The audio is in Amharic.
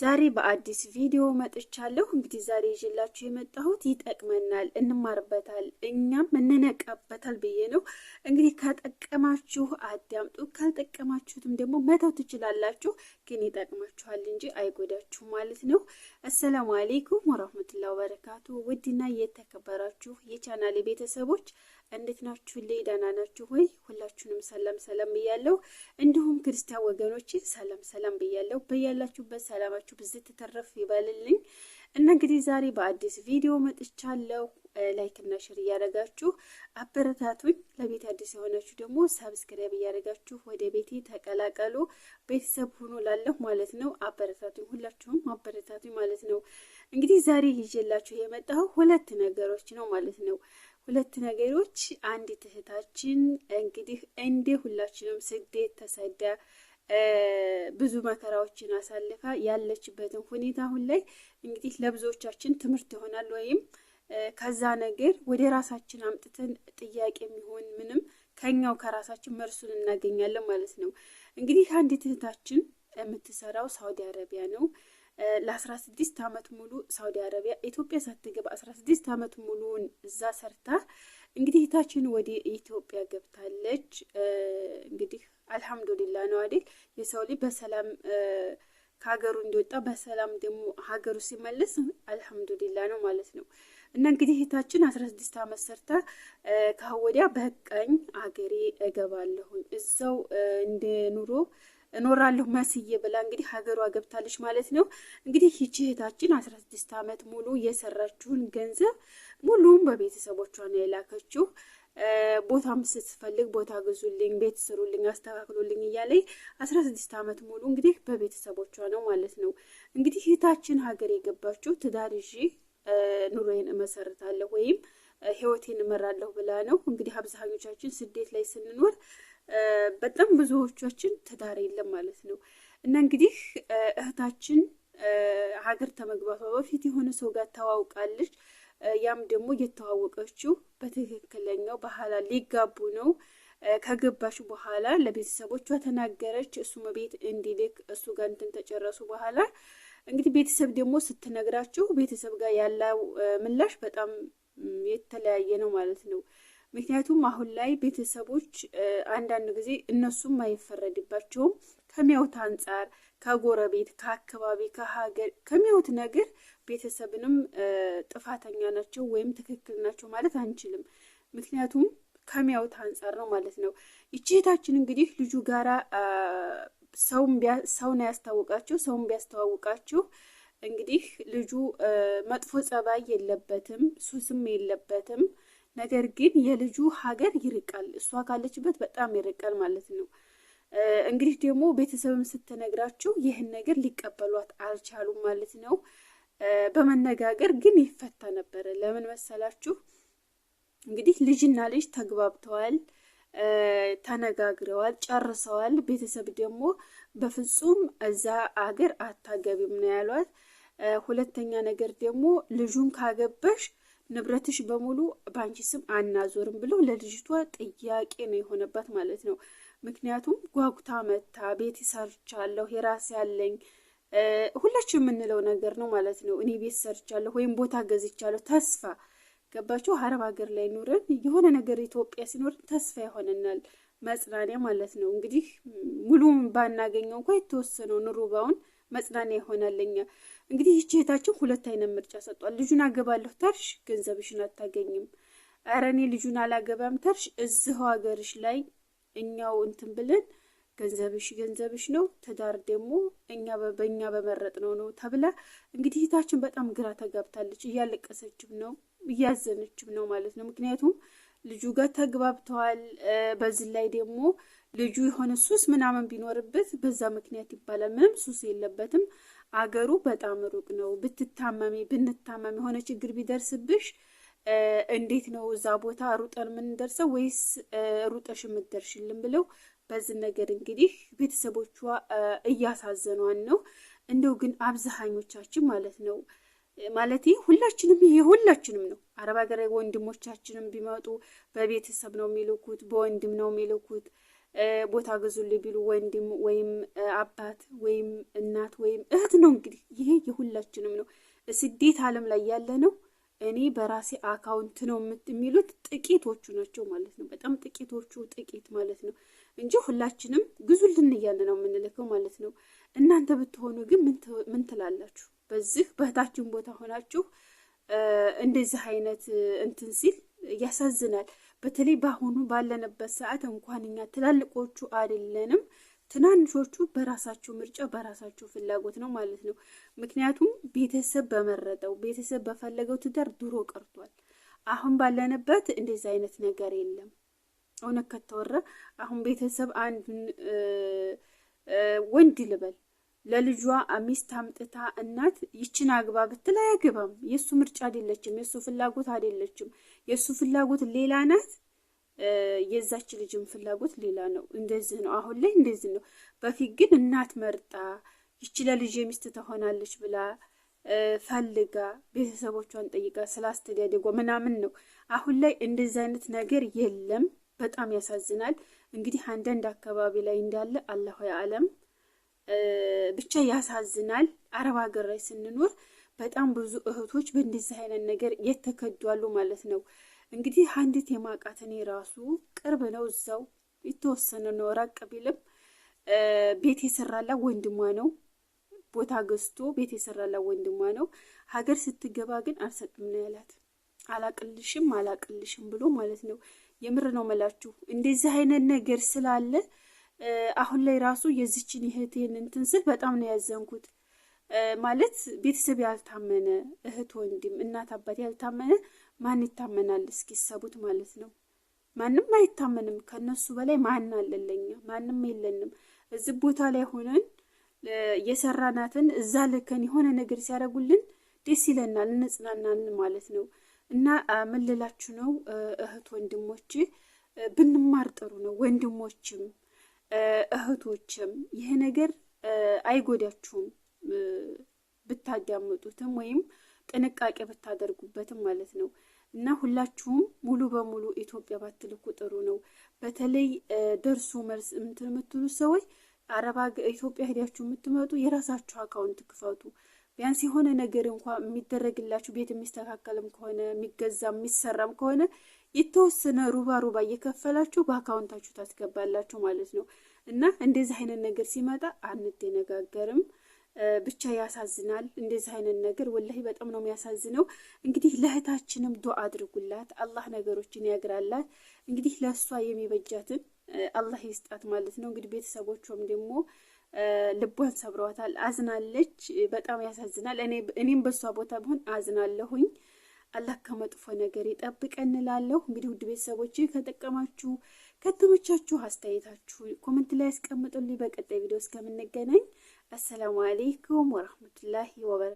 ዛሬ በአዲስ ቪዲዮ መጥቻለሁ። እንግዲህ ዛሬ ይዤላችሁ የመጣሁት ይጠቅመናል፣ እንማርበታል፣ እኛም እንነቃበታል ብዬ ነው። እንግዲህ ከጠቀማችሁ አዳምጡ፣ ካልጠቀማችሁትም ደግሞ መተው ትችላላችሁ። ግን ይጠቅማችኋል እንጂ አይጎዳችሁ ማለት ነው። አሰላሙ አሌይኩም ወራህመቱላ ወበረካቱ። ውድና የተከበራችሁ የቻናሌ ቤተሰቦች እንዴት ናችሁ? ላይ ደህና ናችሁ ወይ? ሁላችሁንም ሰላም ሰላም ብያለሁ። እንዲሁም ክርስቲያን ወገኖች ሰላም ሰላም ብያለሁ። በያላችሁበት ሰላማችሁ ብዝት ተተረፍ ይበልልኝ እና እንግዲህ ዛሬ በአዲስ ቪዲዮ መጥቻለሁ። ላይክ እና ሼር እያደረጋችሁ አበረታቱኝ። ለቤት አዲስ የሆናችሁ ደግሞ ሰብስክራይብ እያደረጋችሁ ወደ ቤቴ ተቀላቀሉ። ቤተሰብ ሆኖ ላለሁ ማለት ነው። አበረታቱኝ፣ ሁላችሁም አበረታቱኝ ማለት ነው። እንግዲህ ዛሬ ይዤላችሁ የመጣሁ ሁለት ነገሮች ነው ማለት ነው። ሁለት ነገሮች አንዲት እህታችን እንግዲህ እንዴ ሁላችንም ስደት ተሰዳ ብዙ መከራዎችን አሳልፋ ያለችበትን ሁኔታ አሁን ላይ እንግዲህ ለብዙዎቻችን ትምህርት ይሆናል ወይም ከዛ ነገር ወደ ራሳችን አምጥተን ጥያቄ የሚሆን ምንም ከኛው ከራሳችን መርሱን እናገኛለን ማለት ነው። እንግዲህ አንዲት እህታችን የምትሰራው ሳውዲ አረቢያ ነው። ለአስራስድስት 16 ዓመት ሙሉ ሳውዲ አረቢያ ኢትዮጵያ ሳትገባ 16 አመት ሙሉውን እዛ ሰርታ እንግዲህ እህታችን ወደ ኢትዮጵያ ገብታለች። እንግዲህ አልሐምዱሊላ ነው አይደል? የሰው ልጅ በሰላም ከሀገሩ እንዲወጣ በሰላም ደግሞ ሀገሩ ሲመለስ አልሐምዱሊላ ነው ማለት ነው። እና እንግዲህ እህታችን አስራ ስድስት ዓመት ሰርታ ከወዲያ በህቀኝ ሀገሬ እገባለሁኝ እዛው እንደ ኑሮ እኖራለሁ መስዬ ብላ እንግዲህ ሀገሯ ገብታለች ማለት ነው። እንግዲህ ይቺ እህታችን አስራ ስድስት ዓመት ሙሉ የሰራችውን ገንዘብ ሙሉም በቤተሰቦቿ ነው የላከችው። ቦታም ስትፈልግ ቦታ ግዙልኝ፣ ቤት ስሩልኝ፣ አስተካክሉልኝ እያለኝ አስራ ስድስት ዓመት ሙሉ እንግዲህ በቤተሰቦቿ ነው ማለት ነው። እንግዲህ እህታችን ሀገር የገባችው ትዳር ይዤ ኑሮዬን እመሰርታለሁ ወይም ህይወቴን እመራለሁ ብላ ነው። እንግዲህ አብዛኞቻችን ስደት ላይ ስንኖር በጣም ብዙዎቻችን ትዳር የለም ማለት ነው እና እንግዲህ እህታችን ሀገር ከመግባቷ በፊት የሆነ ሰው ጋር ተዋውቃለች። ያም ደግሞ እየተዋወቀችው በትክክለኛው ባህላ ሊጋቡ ነው። ከገባች በኋላ ለቤተሰቦቿ ተናገረች። እሱም ቤት እንዲልክ እሱ ጋር እንትን ተጨረሱ በኋላ እንግዲህ ቤተሰብ ደግሞ ስትነግራችሁ ቤተሰብ ጋር ያለው ምላሽ በጣም የተለያየ ነው ማለት ነው። ምክንያቱም አሁን ላይ ቤተሰቦች አንዳንድ ጊዜ እነሱም አይፈረድባቸውም ከሚያዩት አንጻር ከጎረቤት፣ ከአካባቢ፣ ከሀገር ከሚያዩት ነገር ቤተሰብንም ጥፋተኛ ናቸው ወይም ትክክል ናቸው ማለት አንችልም። ምክንያቱም ከሚያዩት አንጻር ነው ማለት ነው። ይችታችን እንግዲህ ልጁ ጋራ ሰውን ያስታወቃቸው ሰውን ቢያስተዋውቃችሁ እንግዲህ ልጁ መጥፎ ጸባይ የለበትም፣ ሱስም የለበትም ነገር ግን የልጁ ሀገር ይርቃል፣ እሷ ካለችበት በጣም ይርቃል ማለት ነው። እንግዲህ ደግሞ ቤተሰብም ስትነግራቸው ይህን ነገር ሊቀበሏት አልቻሉም ማለት ነው። በመነጋገር ግን ይፈታ ነበረ። ለምን መሰላችሁ? እንግዲህ ልጅና ልጅ ተግባብተዋል፣ ተነጋግረዋል፣ ጨርሰዋል። ቤተሰብ ደግሞ በፍጹም እዛ አገር አታገቢም ነው ያሏት። ሁለተኛ ነገር ደግሞ ልጁን ካገበሽ ንብረትሽ በሙሉ በአንቺ ስም አናዞርም ብሎ ለልጅቷ ጥያቄ ነው የሆነባት ማለት ነው። ምክንያቱም ጓጉታ መታ ቤት ሰርቻለሁ የራሴ ያለኝ ሁላችን የምንለው ነገር ነው ማለት ነው። እኔ ቤት ሰርቻለሁ ወይም ቦታ ገዝቻለሁ ተስፋ ገባችሁ። አረብ ሀገር ላይ ኑረን የሆነ ነገር ኢትዮጵያ ሲኖርን ተስፋ ይሆነናል መጽናኛ ማለት ነው። እንግዲህ ሙሉም ባናገኘው እንኳ የተወሰነው ኑሩባውን መጽናኛ ይሆናለኛ። እንግዲህ ይቺ እህታችን ሁለት አይነት ምርጫ ሰጧል። ልጁን አገባለሁ ተርሽ ገንዘብሽን አታገኝም። ኧረ እኔ ልጁን አላገባም ተርሽ እዚሁ ሀገርሽ ላይ እኛው እንትን ብለን ገንዘብሽ ገንዘብሽ ነው፣ ትዳር ደግሞ እኛ በእኛ በመረጥ ነው ነው ተብላ እንግዲህ እህታችን በጣም ግራ ተጋብታለች። እያለቀሰችም ነው እያዘነችም ነው ማለት ነው ምክንያቱም ልጁ ጋር ተግባብተዋል። በዚህ ላይ ደግሞ ልጁ የሆነ ሱስ ምናምን ቢኖርበት በዛ ምክንያት ይባላል። ምንም ሱስ የለበትም። አገሩ በጣም ሩቅ ነው። ብትታመሚ ብንታመሚ የሆነ ችግር ቢደርስብሽ እንዴት ነው እዛ ቦታ ሩጠን የምንደርሰው ወይስ ሩጠሽ የምትደርሽልን ብለው በዚህ ነገር እንግዲህ ቤተሰቦቿ እያሳዘኗን ነው። እንደው ግን አብዛኞቻችን ማለት ነው ማለት ሁላችንም ይሄ ሁላችንም ነው አረብ ሀገር ወንድሞቻችንም ቢመጡ በቤተሰብ ነው የሚልኩት፣ በወንድም ነው የሚልኩት። ቦታ ግዙልኝ ቢሉ ወንድም ወይም አባት ወይም እናት ወይም እህት ነው። እንግዲህ ይሄ የሁላችንም ነው። ስደት አለም ላይ ያለ ነው። እኔ በራሴ አካውንት ነው የሚሉት ጥቂቶቹ ናቸው ማለት ነው። በጣም ጥቂቶቹ ጥቂት ማለት ነው እንጂ ሁላችንም ግዙልን እያለ ነው የምንልከው ማለት ነው። እናንተ ብትሆኑ ግን ምን ትላላችሁ? በዚህ በእህታችን ቦታ ሆናችሁ እንደዚህ አይነት እንትን ሲል ያሳዝናል። በተለይ በአሁኑ ባለንበት ሰዓት እንኳን እኛ ትላልቆቹ አይደለንም ትናንሾቹ በራሳቸው ምርጫ በራሳቸው ፍላጎት ነው ማለት ነው። ምክንያቱም ቤተሰብ በመረጠው ቤተሰብ በፈለገው ትዳር ድሮ ቀርቷል። አሁን ባለንበት እንደዚህ አይነት ነገር የለም። እውነት ከተወራ አሁን ቤተሰብ አንድን ወንድ ልበል ለልጇ ሚስት አምጥታ እናት ይችን አግባ ብትል አያገባም። የእሱ ምርጫ አይደለችም። የእሱ ፍላጎት አይደለችም። የእሱ ፍላጎት ሌላ ናት። የዛች ልጅም ፍላጎት ሌላ ነው። እንደዚህ ነው። አሁን ላይ እንደዚህ ነው። በፊት ግን እናት መርጣ ይቺ ለልጅ ሚስት ትሆናለች ብላ ፈልጋ ቤተሰቦቿን ጠይቃ ስላስተዳደጓ ምናምን ነው። አሁን ላይ እንደዚህ አይነት ነገር የለም። በጣም ያሳዝናል። እንግዲህ አንዳንድ አካባቢ ላይ እንዳለ አላሁ አለም ብቻ ያሳዝናል። አረብ ሀገር ላይ ስንኖር በጣም ብዙ እህቶች በእንደዚህ አይነት ነገር የተከዷሉ ማለት ነው። እንግዲህ አንዲት የማውቃት እኔ ራሱ ቅርብ ነው፣ እዛው የተወሰነ ነው፣ ራቅ ቢልም ቤት የሰራላ ወንድሟ ነው ቦታ ገዝቶ ቤት የሰራላ ወንድሟ ነው። ሀገር ስትገባ ግን አልሰጥም ነው ያላት። አላቅልሽም አላቅልሽም ብሎ ማለት ነው። የምር ነው መላችሁ እንደዚህ አይነት ነገር ስላለ አሁን ላይ ራሱ የዚችን እህቴን እንትን ስል በጣም ነው ያዘንኩት። ማለት ቤተሰብ ያልታመነ እህት፣ ወንድም፣ እናት፣ አባት ያልታመነ ማን ይታመናል? እስኪሰቡት ማለት ነው። ማንም አይታመንም። ከነሱ በላይ ማን አለለኛ? ማንም የለንም። እዚህ ቦታ ላይ ሆነን የሰራናትን እዛ ልከን የሆነ ነገር ሲያደርጉልን ደስ ይለናል፣ እንጽናናለን ማለት ነው። እና ምልላችሁ ነው እህት ወንድሞቼ፣ ብንማር ጥሩ ነው። ወንድሞችም እህቶችም ይህ ነገር አይጎዳችሁም ብታዳምጡትም ወይም ጥንቃቄ ብታደርጉበትም ማለት ነው። እና ሁላችሁም ሙሉ በሙሉ ኢትዮጵያ ባትልኩ ጥሩ ነው። በተለይ ደርሱ መልስ እንትን ሰዎች አረባ ኢትዮጵያ ሄዳችሁ የምትመጡ የራሳችሁ አካውንት ክፈቱ። ቢያንስ የሆነ ነገር እንኳ የሚደረግላችሁ ቤት የሚስተካከልም ከሆነ የሚገዛ የሚሰራም ከሆነ የተወሰነ ሩባ ሩባ እየከፈላችሁ በአካውንታችሁ ታስገባላችሁ ማለት ነው። እና እንደዚህ አይነት ነገር ሲመጣ አንደነጋገርም። ብቻ ያሳዝናል። እንደዚህ አይነት ነገር ወላሂ በጣም ነው የሚያሳዝነው። እንግዲህ ለእህታችንም ዱአ አድርጉላት፣ አላህ ነገሮችን ያግራላት። እንግዲህ ለእሷ የሚበጃትን አላህ ይስጣት ማለት ነው። እንግዲህ ቤተሰቦቿም ደግሞ ልቧን ሰብረዋታል፣ አዝናለች። በጣም ያሳዝናል። እኔም በእሷ ቦታ ቢሆን አዝናለሁኝ። አላህ ከመጥፎ ነገር ይጠብቀን እንላለሁ። እንግዲህ ውድ ቤተሰቦች ከጠቀማችሁ ከተመቻችሁ አስተያየታችሁ ኮመንት ላይ ያስቀምጡልኝ። በቀጣይ ቪዲዮ እስከምንገናኝ አሰላሙ አሌይኩም ወረህመቱላሂ ወበረ